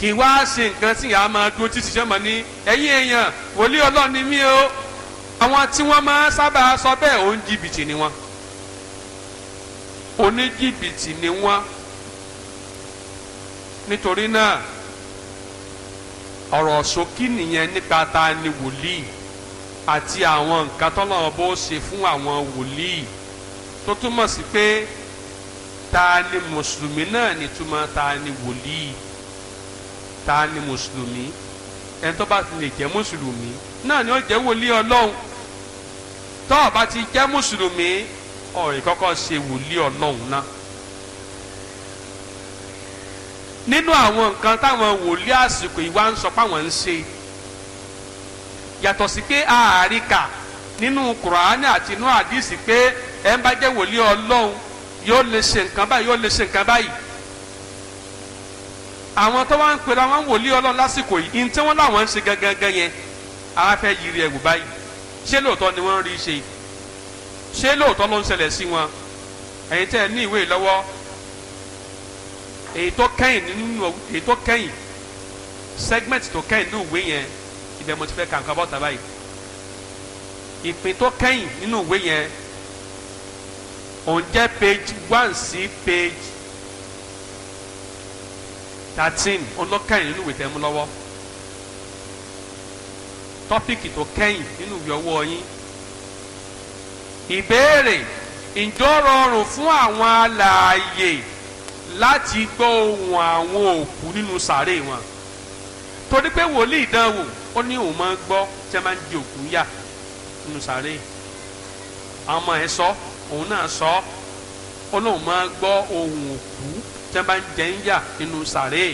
kì í wá ṣe nǹkan tí ìyá máa dúró títí sẹ́mọ̀ ní ẹ̀yìn èèyàn wòlíì ọlọ́run ni mí o àwọn tí wọ́n máa sábà sọ bẹ́ẹ̀ òun jìbìtì ni wọ́n oníjìbìtì ni wọ́n nítorí náà ọ̀rọ̀ ṣókí nìyẹn nípa ta ni wòlíì àti àwọn nǹkan tọ́lọ́run bó ṣe fún àwọn wòlíì tó túmọ̀ sí pé ta ni mùsùlùmí náà ni ta ni wòlíì ta ni mùsùlùmí ẹni tó bá lè jẹ́ mùsùlùmí náà ni ó jẹ́ wòlíì ọlọ́run tó o bá ti jẹ́ mùsùlùmí ọ̀rẹ́ kọ́kọ́ ṣe wòlíì ọlọ́run náà nínú àwọn nǹkan táwọn wòlíì àsìkò yìí wá ń sọ páwọn ń ṣe yàtọ̀ sí pé àáríkà nínú kùránì àti inú àdìsí pé ẹ̀ ń bá jẹ́ wòlíì ọlọ́run yóò lè ṣe nǹkan báyìí yóò lè ṣe nǹkan báyìí àwọn tó wá ń pera wọn wòlíì ọlọ́run lásìkò yìí ní tí wọ́n láwọn ń ṣe gangan yẹn ara fẹ́ yiri ẹ̀wù báyìí ṣé lóòótọ́ ni wọ́n rí ṣe ṣé lóòótọ́ ló ń ṣẹlẹ̀ sí wọn ẹ̀yin tẹ́ ẹ ní ìwé lọ́wọ́ èyí tó kẹ́yìn nínú èyí tó kẹ́yìn segment tó kẹ́yìn nínú ìwé yẹn ibẹ̀ mo ti fẹ́ kàǹkà bọ́ta báyìí ìpín tó kẹ́yìn nínú ìwé yẹn òun jẹ́ page one sí page thirteen ọlọ́kẹ́yìn nínú ìwé tẹ́mú lọ́wọ́ tọ́píkì tó kẹ́yìn nínú ìwé ọwọ́ yín ìbéèrè ǹjọ́ rọrùn fún àwọn alààyè láti gbọ́ ohùn àwọn òkú nínú sàárè wọn torí pé wòlíì dánwò ó ní òun máa ń gbọ́ tí a máa ń di òkú yà nínú sàárè àwọn ọmọ ẹ sọ òun náà sọ ó lóun máa ń gbọ́ ohùn òkú tí wọ́n bá ń jẹ ń yà nínú sàré.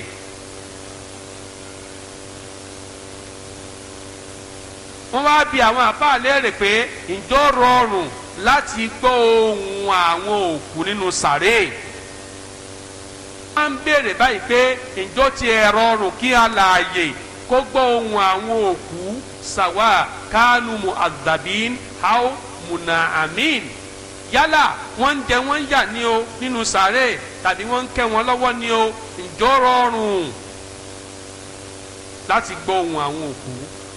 wọ́n wá bi àwọn àbá léèrè pé ǹjọ́ rọrùn láti gbọ́ ohùn àwọn òkú nínú sàré. wọ́n á ń béèrè báyìí pé ǹjọ́ ti ẹ̀ rọrùn kí alààyè kó gbọ́ ohùn àwọn òkú sàwà kánú mu àdàbín hao mùnà àmín yálà wọ́n ń jẹ wọ́n ń yà ní o nínú sàré tàbí wọ́n ń kẹ́ wọn lọ́wọ́ ni o ǹjọ́ rọrùn láti gbọ́ ohùn àwọn òkú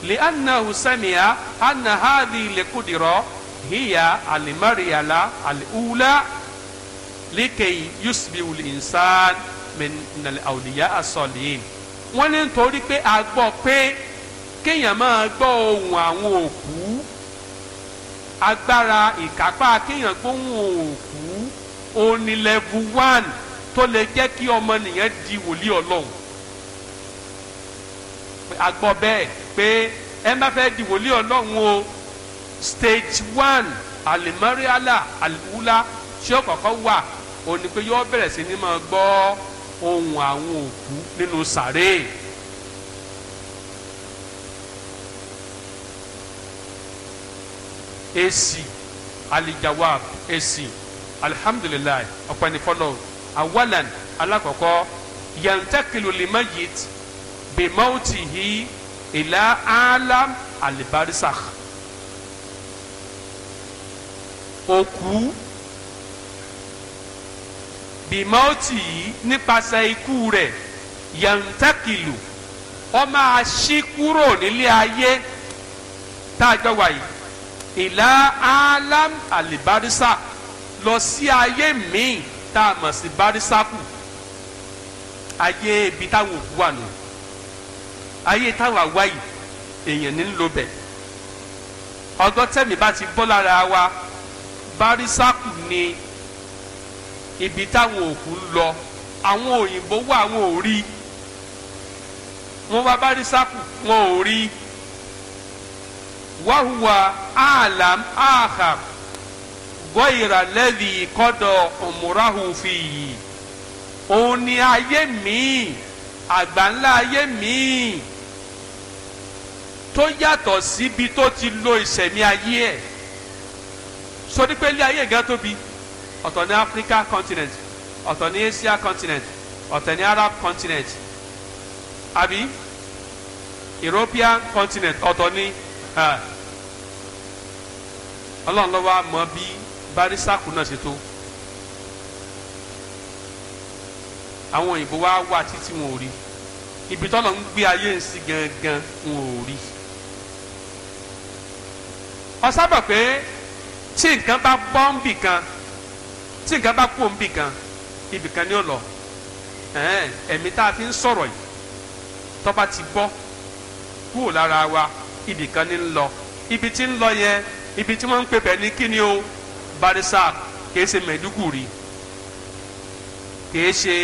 lè anna husamiya anna hadi lekudirọ hiya alimariala aliula likeyi yusufi ulinsan minali awuliya asọliyin wọ́n ní nítorí pé a gbọ́ pé kéèyàn máa gbọ́ ohùn àwọn òkú agbára ìkápá kéèyàn gbóhùn òkú òun ni level one tó lè jẹ́ kí ọmọ nìyẹn di wòlíì ọlọ́run àgbọ̀ bẹ́ẹ̀ pé ẹ má fẹ́ di wòlíì ọlọ́run o stage one alimariala aliwula tí ó kọ́kọ́ wà ó ní pé yóò bẹ̀rẹ̀ sí ni máa gbọ́ ohùn àwọn òkú nínú sàréè. èsì alijawab èsì alihamudulilayi ọ̀pẹ̀nifọ́lọ́ awalan alakọ̀kọ́ yantakilu limayit bimautihi ila alam alibarisakh òkú bimautihi nípasẹ̀ ikú rẹ̀ yantakilu ó máa ṣí kúrò nílé ayé tá a jọ wáyé ila alam alibarisakh lọ sí ayé míì tá a mọ̀ sí barisaku ayé ibi táwọn òkú wà nù ayé táwọn àwa yìí èèyàn ní ló bẹ̀ ọgbọ́n tẹ̀mí bá ti bọ́ lára wa barisaku ni ibi táwọn òkú lọ àwọn òyìnbó wà àwọn ò rí wọn wá barisaku wọn ò rí wàhùwà àlàm àhàm gọ́yìrà lẹ́dí kọ́dọ̀ ọ̀mùráhùn fi yìí òun ni ayé míì àgbáńlá ayé míì tó yàtọ̀ síbi tó ti lo ìṣẹ̀mí ayé ẹ̀ sọdí pé ilé ayé gan tóbi ọ̀tọ̀ ní Africa continent ọ̀tọ̀ ní Asia continent ọ̀tọ̀ ní Arab continent àbí European continent ọ̀tọ̀ ní ọlọ́run ló wá bíi barisaku náà ṣe tó àwọn òyìnbó wa wà títí wọn ò rí ibi tọ́lọ̀ ń gbé ayé ń sí gangan wọn ò rí ó sábà pé tí nǹkan bá bọ́ ń bì kan tí nǹkan bá kú ń bì kan ibì kan ni ó ẹ̀mí tá a fi ń sọ̀rọ̀ yìí tó ti bọ́ kúrò lára wa ibì kan ni ń lọ ibi tí ń lọ yẹn ibi tí wọ́n ń pè bẹ́ẹ̀ ní kí ni o. Barisa kìí ṣe Maiduguri kìí ṣe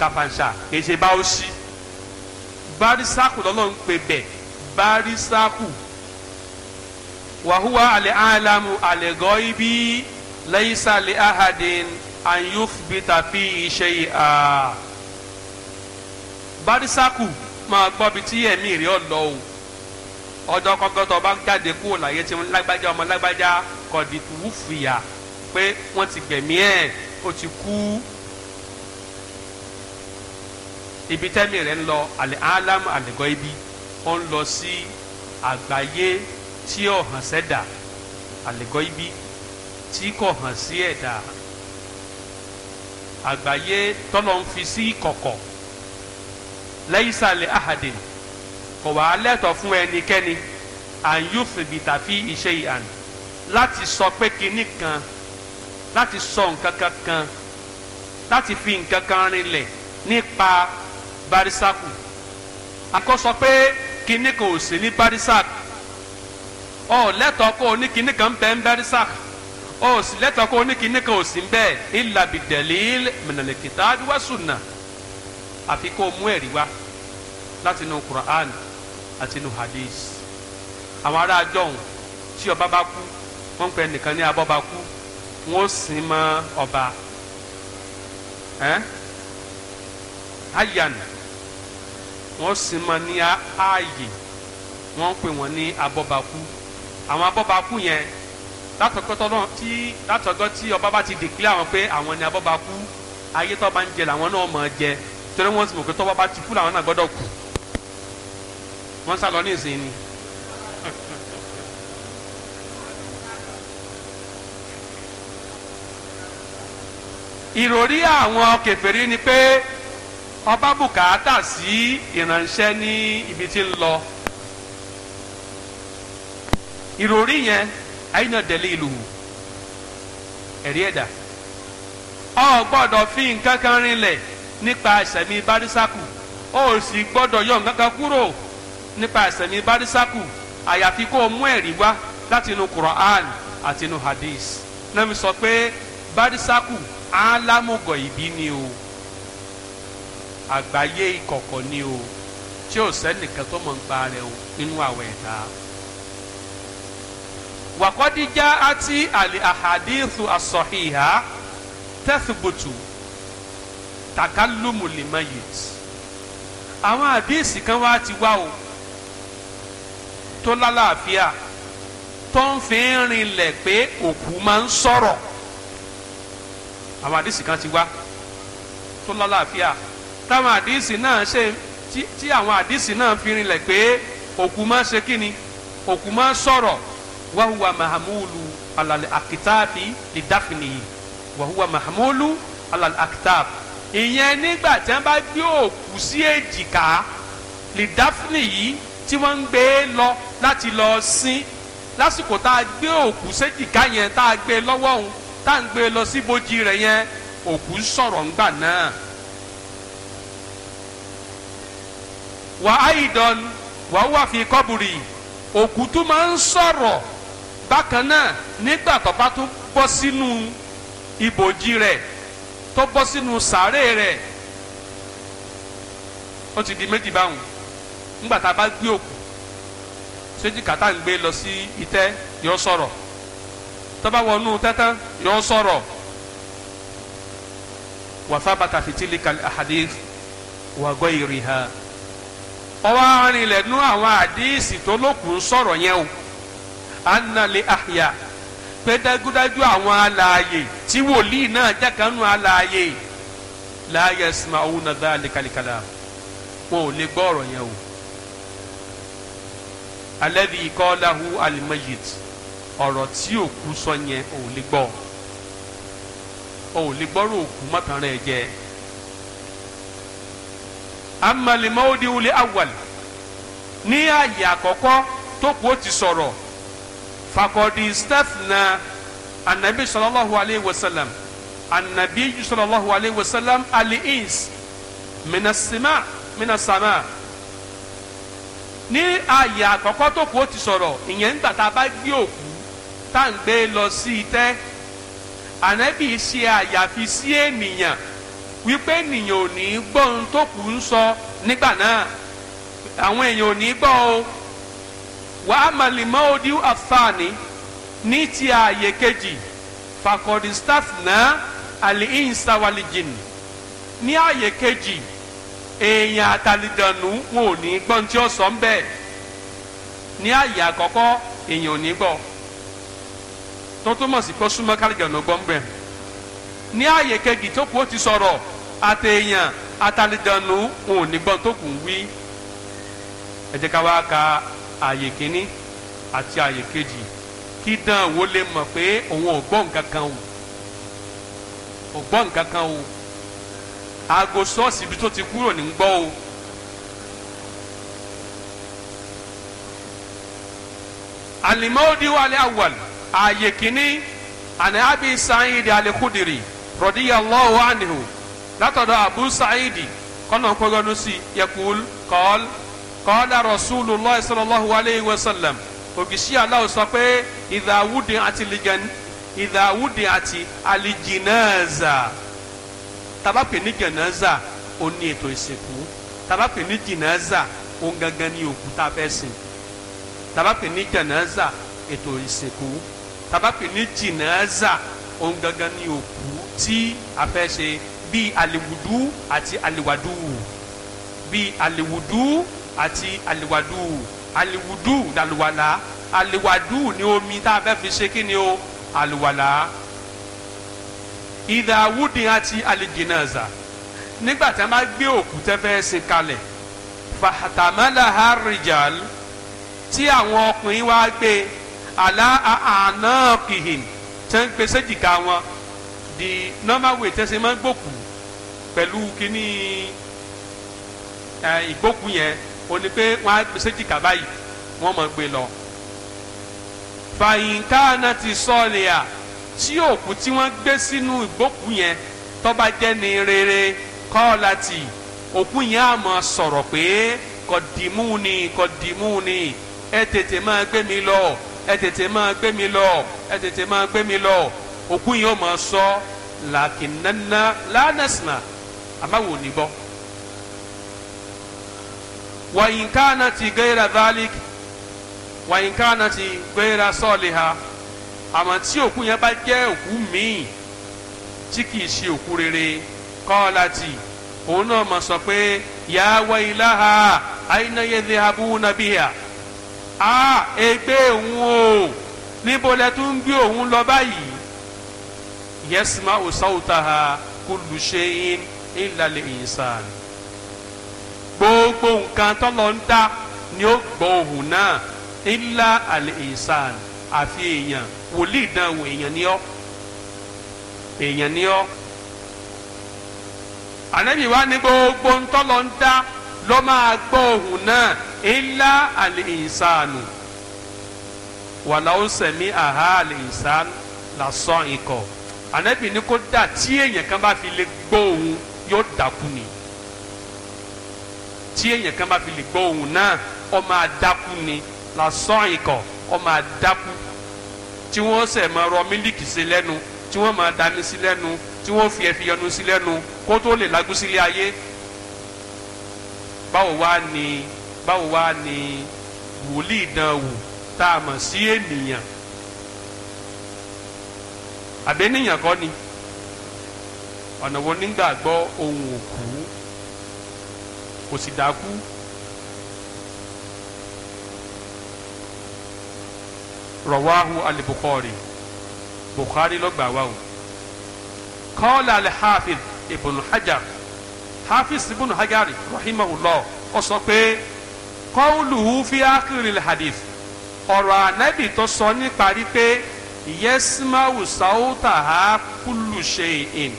Tafansha kìí ṣe Bauchi Barisaku lọ́lọ́run pè bẹ̀ Barisaku wàhùwà àlẹ́ àlámù àlẹ́ gọ́ ibi laysa li ahadin an yuthbita fi shay'a Barisaku máa gbọ́ bi tí ẹ̀mí rẹ̀ ọ̀ lọ́wọ́ ọjọ́ kọ́kọ́tọ̀ bá jáde kúrò láyé tí lágbájá ọmọ lágbájá kọ̀dí wúfìyà pé wọ́n ti gbẹ̀mí ẹ̀ ó ti kú ibi tẹ́mi rẹ̀ ń lọ àlẹ́ alam àlẹ́gọ́ ibi ó ń lọ sí àgbáyé tí ò hàn sẹ́dà àlẹ́gọ́ ibi tí kò hàn sí ẹ̀dà àgbáyé tọ́lọ́ ń fi sí ìkọ̀kọ̀ lẹ́yìn sàlẹ̀ ahadin kò wá lẹ́tọ̀ fún ẹnikẹ́ni àyùfìbìtà fi ìṣe ìhàn láti sọ pé kinní kan láti sọ nǹkan kan kan láti fi nǹkan kan rinlẹ̀ nípa barisaku àkọsọ pé kinní kan ò sí ní barisak ọ lẹ́tọ̀ kó o ní kinní kan bẹ́ẹ̀ ń barisak ó sì lẹ́tọ̀ kó oníkíní kan ò sí bẹ́ẹ̀ illa bidalil minal kitabi àfi kó mú ẹ̀rí wá látinú Qur'an àti inú hadith àwọn ará àjọhùn tí ọba bá kú wọ́n ń pè nìkan ní abọ́ba kú wọ́n sìn mọ́ ọba ayan wọ́n sìn mọ́ ní ààyè wọ́n ń pè wọ́n ní abọ́ba kú àwọn abọ́ba kú yẹn látọ̀gbọ́ tí ọba bá ti dèkílẹ̀ àwọn pé àwọn ni abọ́ba kú ayé tó bá ń jẹ làwọn náà mọ̀ ọ́ jẹ torí wọ́n sì mọ̀ pé tọ́ba bá ti kú làwọn náà gbọ́dọ̀ kú wọ́n sá lọ ní ìsìn ni. ìròrí àwọn kèfèrí ni pé ọba bùkátà sí ìránṣẹ́ ní ibi tí ń lọ ìròrí yẹn àyínà dẹ̀lé ìlú ẹ̀rí ẹ̀dá ọ gbọ́dọ̀ fi nǹkan kan rinlẹ̀ nípa ìṣẹ̀mí bárísákù ó sì gbọ́dọ̀ yọ nǹkan kan kúrò nípa ìsẹ̀mí barisaku àyàfi kó o mú ẹ̀rí wá láti inú Quran àti inú hadith náà mi sọ pé barisaku alámùgọ̀ ìbí ni o àgbáyé ìkọ̀kọ̀ ni o tí ò sẹ́nìkan tó mọ̀ ń pa rẹ̀ o nínú àwọ̀ ẹ̀dá. wàkọ́díjà àti àlè àhàdíìsù àsọ̀hìhà tẹ́sibùtù tàkálùmùlìmọ̀yìt àwọn àdíìsì kan wá ti wá o tó lálàáfíà tó ń fi rinlẹ̀ pé òkú máa ń sọ̀rọ̀ àwọn àdìsí kan ti wá tó lálàáfíà táwọn àdìsí náà ṣe tí àwọn àdìsí náà fi rinlẹ̀ pé òkú máa ṣe kí ni òkú máa sọ̀rọ̀ wàhùwà mahamulu alàlẹ́ àkìtàbí lè dáfìnìyí wàhùwà mahamulu alàlẹ́ àkìtàbí ìyẹn nígbà tí wọ́n bá gbé òkú sí èjìká lè dáfìnìyí tí wọ́n ń gbé lọ láti lọ sin lásìkò tá a gbé òkú séjìká yẹn tá a gbé e lọ́wọ́ òun tá a ń gbé e lọ sí bojì rẹ̀ yẹn òkú ń sọ̀rọ̀ ńgbà náà. wà á ìdán wà á wà fi kọ́bùrì òkú tó máa ń sọ̀rọ̀ bákan náà nígbà tó bá tó bọ́ sínú ibojì rẹ̀ tó bọ́ sínú sàárè rẹ̀ ó ti di méjì báwọn nígbà tá a bá gbé òkú sójìká tá à ń gbé lọ sí itẹ́ yọ sọ̀rọ̀ tọ́ba wọnú tẹ́tẹ́ yọ sọ̀rọ̀ wàfà bàtà fìtílì kàlẹ́ àhàdí wàgọ́ ìrì ha ọwọ́ arìn lẹ̀ nú àwọn àdíìsì tó lókun sọ̀rọ̀ yẹn o annali ahya pé dájúdájú àwọn alààyè tí wòlíì náà jákàánú alààyè la yasma'una dhalika al-kalam wọn ò lè gbọ́ ọ̀rọ̀ yẹn o alladhi qalahu al-mayyit ọ̀rọ̀ tí òkú sọ yẹn ò lè gbọ́ ò lè gbọ́rọ̀ òkú mọ́tàrán ẹ̀ jẹ́ amma al-mawdi'u al-awwal ní àyè àkọ́kọ́ tó kù ó ti sọ̀rọ̀ faqad istathna anabi sallallahu alayhi wa sallam anabi sallallahu alayhi wa sallam al-ins minasima minasama. ní ààyè àkọ́kọ́ tó kù ó ti sọ̀rọ̀ ìyẹn nígbà tá bá gbé òkú tá à ń gbé lọ sí itẹ́ ànábì ṣe àyàfi sí ènìyàn wípé ènìyàn ò ní gbọ́ tó kù sọ nígbà náà àwọn èèyàn ò ní gbọ́ o màlìmọ́ odi àfààní ní ti ààyè kejì náà àlè ní kejì. èèyàn àtàlìdànù wọn ò ní gbọ́n tí ó sọ ń bẹ́ẹ̀ ní àyè àkọ́kọ́ èèyàn ò ní gbọ́ tó túmọ̀ sí pé súnmọ́ kálígànù gbọ́n ní àyè kejì tó kù ó ti sọ̀rọ̀ àtẹ̀yàn àtàlìdànù wọn ò ní gbọ́n tó kù ń wí ẹ jẹ́ ká wá ka àyè kínní àti àyè kejì kí dán wo lè mọ̀ pé òun ò gbọ́ nǹkan o ò gbọ́ nǹkan o aago ṣọ́ọ̀ṣì ibi tó ti kúrò ní gbọ́ o. alimawudi wa aliawal ààyè kìíní àní abi sa'id alikudiri radiyallahu anhu látọ̀dọ̀ abu sa'id kọ́nà kọ́gọ́nù sí yakul kọ́l kọ́lá rasulullah sallallahu alayhi wa sallam ògìsí aláwọ̀ sọ pé ìdàwùdì àti alijinaza taba pe ni jẹnaza ó ní ètò ìsìnkú taba pe ni jẹnaza ó gangan ní òkú tá taba pe ni jẹnaza ètò ìsìnkú taba pe ni jẹnaza ó gangan ní òkú tí a fẹ́ ṣe bíi aliwudu ati aliwadu bíi aliwudu ati aliwadu aliwudu làlùwàlà aliwadu ni omi tá a fẹ́ fi ṣe kí o àlùwàlà ìdá wúdìn àti àlìjìnàza nígbà tí a máa gbé òkú tẹ́ fẹ́ sin kalẹ̀ fàtàmálà hàrìjàl tí àwọn ọkùnrin wá gbé àlá àná kìhìn tẹ́ ń pe séjìká wọn di normal way tẹ́sí máa ń gbòkú pẹ̀lú kíní ìgbókù yẹn ó ní pé wọ́n á gbé séjìká báyìí wọ́n máa gbé lọ fàyínká náà ti sọ́ọ̀lì à tí òkú tí wọ́n gbé sínú ìgbókù yẹn tó bá jẹ́ ni rere kọ́ọ̀láti òkú yẹn á máa sọ̀rọ̀ pé kọ̀dìmú ni kọ̀dìmú ni ẹ tètè máa gbé mi lọ ẹ tètè máa gbé mi lọ ẹ tètè máa gbé mi lọ òkú yẹn ó máa sọ làkìnnánná lánàsìnà àmàwò níbọ̀ wàyínká náà ti gbéra válík wàyínká náà ti gbéra sọ́ọ̀lì ha àmọ́ tí òkú yẹn bá jẹ́ òkú míì tí kìí ṣe òkú rere kọ́ọ̀láti òun náà mọ̀ sọ pé yà á wá ilá ha àìnáyẹ̀dẹ̀ abúhùnà bí yà á ègbé òun o níbo lẹ tún gbé òun lọ báyìí yẹ́sìmá òsáwùtà ha kullu shay'in illa al gbogbo nǹkan tọ́lọ́ ń dá ni ó gbọ́ òun náà illa al-insan àfi èèyàn wòlíì dán wò èèyàn ni ọ́ èèyàn ni ọ́ ànábì wa ní gbogbo ntọ́lọ́ ń dá máa gbọ́ ohùn náà illa al-insanu walau sami aha al-insan lasan ikọ̀ ànábì ní kó dà tí èèyàn kan bá fi lè gbọ́ ohùn yóò dákú ni tí èèyàn kan bá fi lè gbọ́ ohùn náà ó máa dákú ni lasan ikọ̀ ó máa dákú tí wọ́n sẹ̀ máa rọ mílíkì sí lẹ́nu tí wọ́n máa dání sí lẹ́nu tí wọ́n fi ẹ̀fì yọnu sí lẹ́nu kó tó lè lágùn sílé ayé báwo wá ni báwo wá ni wòlíì dán wò tá a mọ̀ sí ènìyàn àbẹ́nìyàn kọ́ ni ọ̀nà wo nígbàgbọ́ ohun òkú kò sì dákú. rawahu al-bukhari bukhari ló gbà wá o qala al-hafiz ibn hajar hafiz ibn hajar rahimahullah ó sọ pé qawluhu fi akhiri al-hadith ọ̀rọ̀ anabi tó sọ níparí pé yasma'u sawtaha kullu shay'in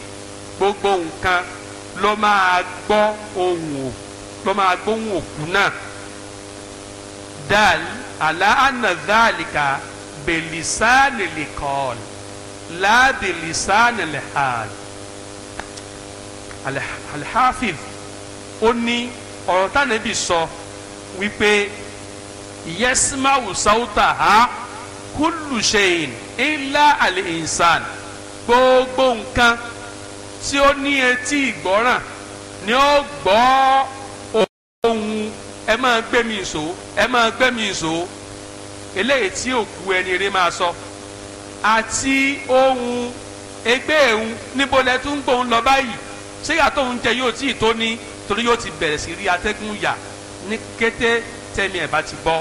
gbogbo nǹkan ló máa gbọ́ ohùn ló máa gbóhùn òkú náà dal ala dhalika bèlìsánì lè kọ́ọ̀lù láàbèlìsánì lè hàn alhafiz ó ní ọ̀rọ̀ tánàbì sọ wípé yẹsímáwù sáwùtà ha kúlù ṣẹyìn ilá àlè ìsàn gbogbo nǹkan tí ó ní etí ìgbọ́ràn ni ó gbọ́ ohun ẹ máa gbé mi ìṣó ẹ máa gbé mi ìṣó eléyìí tí òkú ẹni rẹ máa sọ àti ohun ẹgbẹ́ ẹ̀hún níbo lẹ tún gbóhùn lọ báyìí ṣé yàtọ̀ òun jẹ yóò tí ì tó ní torí yóò ti bẹ̀rẹ̀ sí rí atẹ́gùn yà ní kété tẹ́mi ẹ̀ bá ti bọ́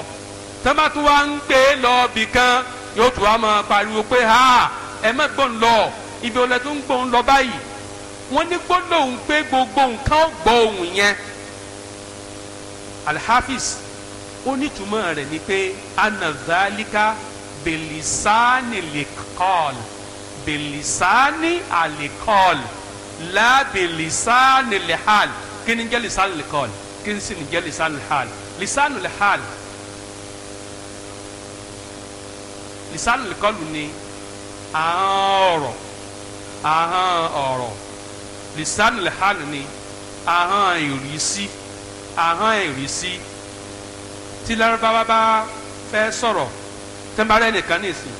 tọ́mátù wa ń gbé lọ bì kan yóò tún wá máa pariwo pé ha ẹ má gbóhùn lọ ibi olè tún gbóhùn lọ báyìí wọ́n ní gbólóhùn pé gbogbo nǹkan gbọ́ ohùn yẹn alhafiz onítùmọ̀ rẹ̀ ni pé anazalika belisani likol belisani alikol la belisani lihal kí ni jẹ́ lisani likol kí ni sì ni jẹ́ lisani lihal lisani lihal lisani likol ni ahọ́n ọ̀rọ̀ ahọ́n ọ̀rọ̀ lisani lihal ni ahọ́n ìrísí ahọ́n ìrísí tí lárúbáwá bá fẹ́ sọ̀rọ̀ tẹ́ńbárẹ́ nìkan nìsín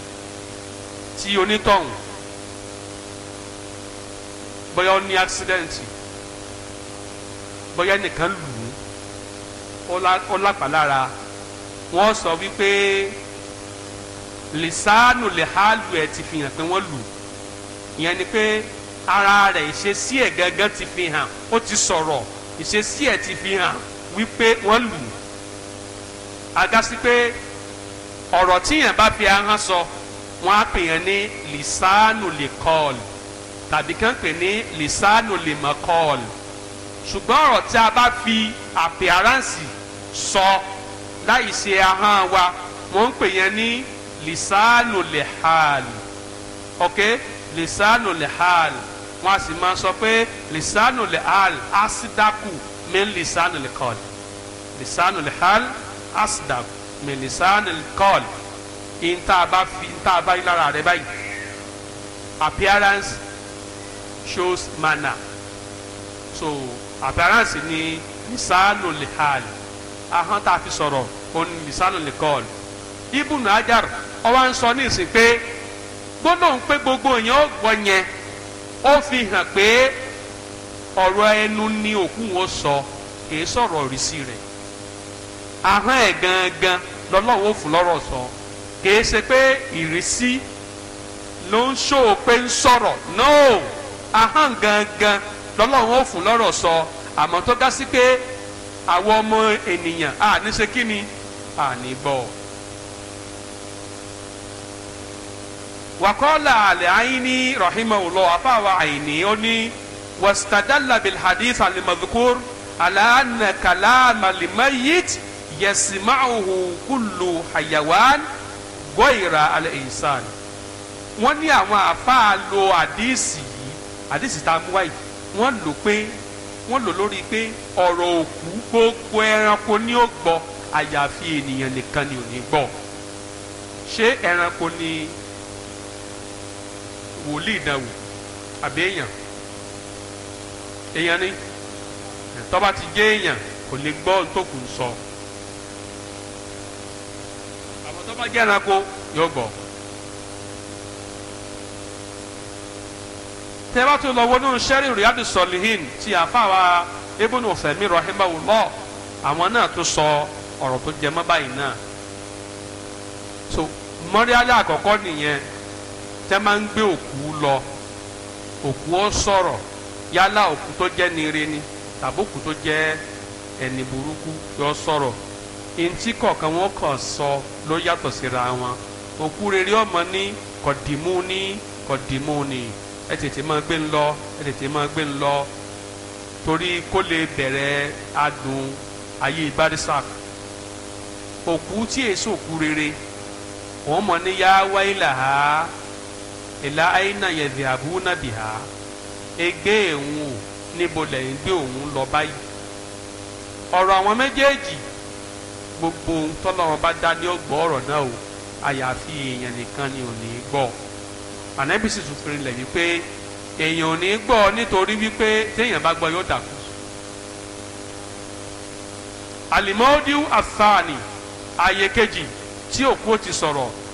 tí onítọ̀hún bóyá ó ní àksidẹ́ǹtì bóyá nìkan lù ú ó lápàlára wọ́n sọ wípé lisanu lè ha lù ẹ̀ ti fi hàn pé wọ́n lù ìyẹn ni pé ara rẹ̀ ìṣesí ẹ̀ gángan ti fi ó ti sọ̀rọ̀ ìṣesí ẹ̀ ti fi wípé wọ́n lù ú agasi pé ọ̀rọ̀ tíyàn bá fi ahọ́n sọ wọ́n á pè yàn ní lisanu lè kọ́ọ̀lù tàbí kàn pè ní lisanu lè mọ̀ kọ́ọ̀lù ṣùgbọ́n ọ̀rọ̀ tí a bá fi àpèáránsì sọ láì ṣe ahọ́n wa wọ́n ń pè yàn ní lisanu lè hàlù ok lisanu lè hàlù wọ́n a sì máa sọ pé lisanu lè hàlù asidaku min lisanu lè kọ́ọ̀lù lisanu lè hàlù asdaq melisan kọ́ọ̀l ìntà bá fi ìntà bá rí lára appearance shows manner so appearance ni lisanu lihal ahọ́n tá a fi sọ̀rọ̀ òun ni lisanu likọ́ọ̀l ibùn ajar ọwọ́ ń sọ ní ìsìn pé gbólóhùn pé gbogbo yẹn ó gbọ́ yẹn ó fi hàn pé ọ̀rọ̀ ẹnu ni òkú wọn sọ kì í sọ̀rọ̀ ìrísí rẹ̀ ahọ́n ẹ̀ gangan lọ́lọ́run ó fún lọ́rọ̀ sọ kìí ṣe pé ìrísí ló ń ṣó pé ń sọ̀rọ̀ no ahọ́n gangan lọ́lọ́run ó fún lọ́rọ̀ sọ àmọ́ tó dá sí pé àwọn ọmọ ènìyàn àní ṣe kí ni àní bọ̀. wàkọ́lá àlẹ́ àyíní rahimahullah àfàwà àyíní ó ní wàstadàlà bilhadith alimadhukur alaana kalama limayit yẹsìmáhùhù kúlù hayawan gọ́ìrà alẹ́ ìsàn wọ́n ní àwọn àfáà lo àdíìsì yìí àdíìsì tá a mú wáyé wọ́n lò pé wọ́n lò lórí pé ọ̀rọ̀ òkú gbogbo ẹranko ni ó gbọ́ àyàfi ènìyàn nìkan ni ò ní gbọ́ ṣé ẹranko ni wòlíì ìdánwò àbí èèyàn èèyàn ni tó ti jẹ́ èèyàn kò lè gbọ́ ohun tó kù ń sọ. So. bá jẹ́ ẹranko yóò gbọ́. tẹ́wá lọ wọnú sẹ́rí riyadu sọlihin ti àfàwà ibùn ọ̀fẹ̀mí rahimahullah àwọn náà sọ ọ̀rọ̀ tó jẹ mọ́ báyìí so àkọ́kọ́ nìyẹn tẹ́ máa ń gbé òkú lọ òkú sọ̀rọ̀ yálà òkú tó jẹ́ ni tàbí òkú ló yàtọ̀ síra wọn òkú rere ọmọ ní kọ̀dìmú ní kọ̀dìmú ní ẹ tètè máa gbé ń lọ ẹ tètè máa gbé ń lọ torí kó lè bẹ̀rẹ̀ adùn ayé barisak òkú tí èso òkú rere òun mọ̀ ní yá wáyé làhá ìlà àyínà yẹ̀dẹ̀ àbúnà bìhá egbé èhún níbo lẹ́yìn gbé òun lọ báyìí ọ̀rọ̀ àwọn méjèèjì gbogbo ohun tọ́lọ́wọ́ bá dá ní ọgbọ́ ọ̀rọ̀ náà o àyàfi èèyàn nìkan ni ò ní gbọ́ ànábì sì tún fi rinlẹ̀ wípé èèyàn ò ní gbọ́ nítorí wípé téèyàn bá gbọ́ yóò dàkú. alimọ́díù asani àyè kejì tí òkú ti sọ̀rọ̀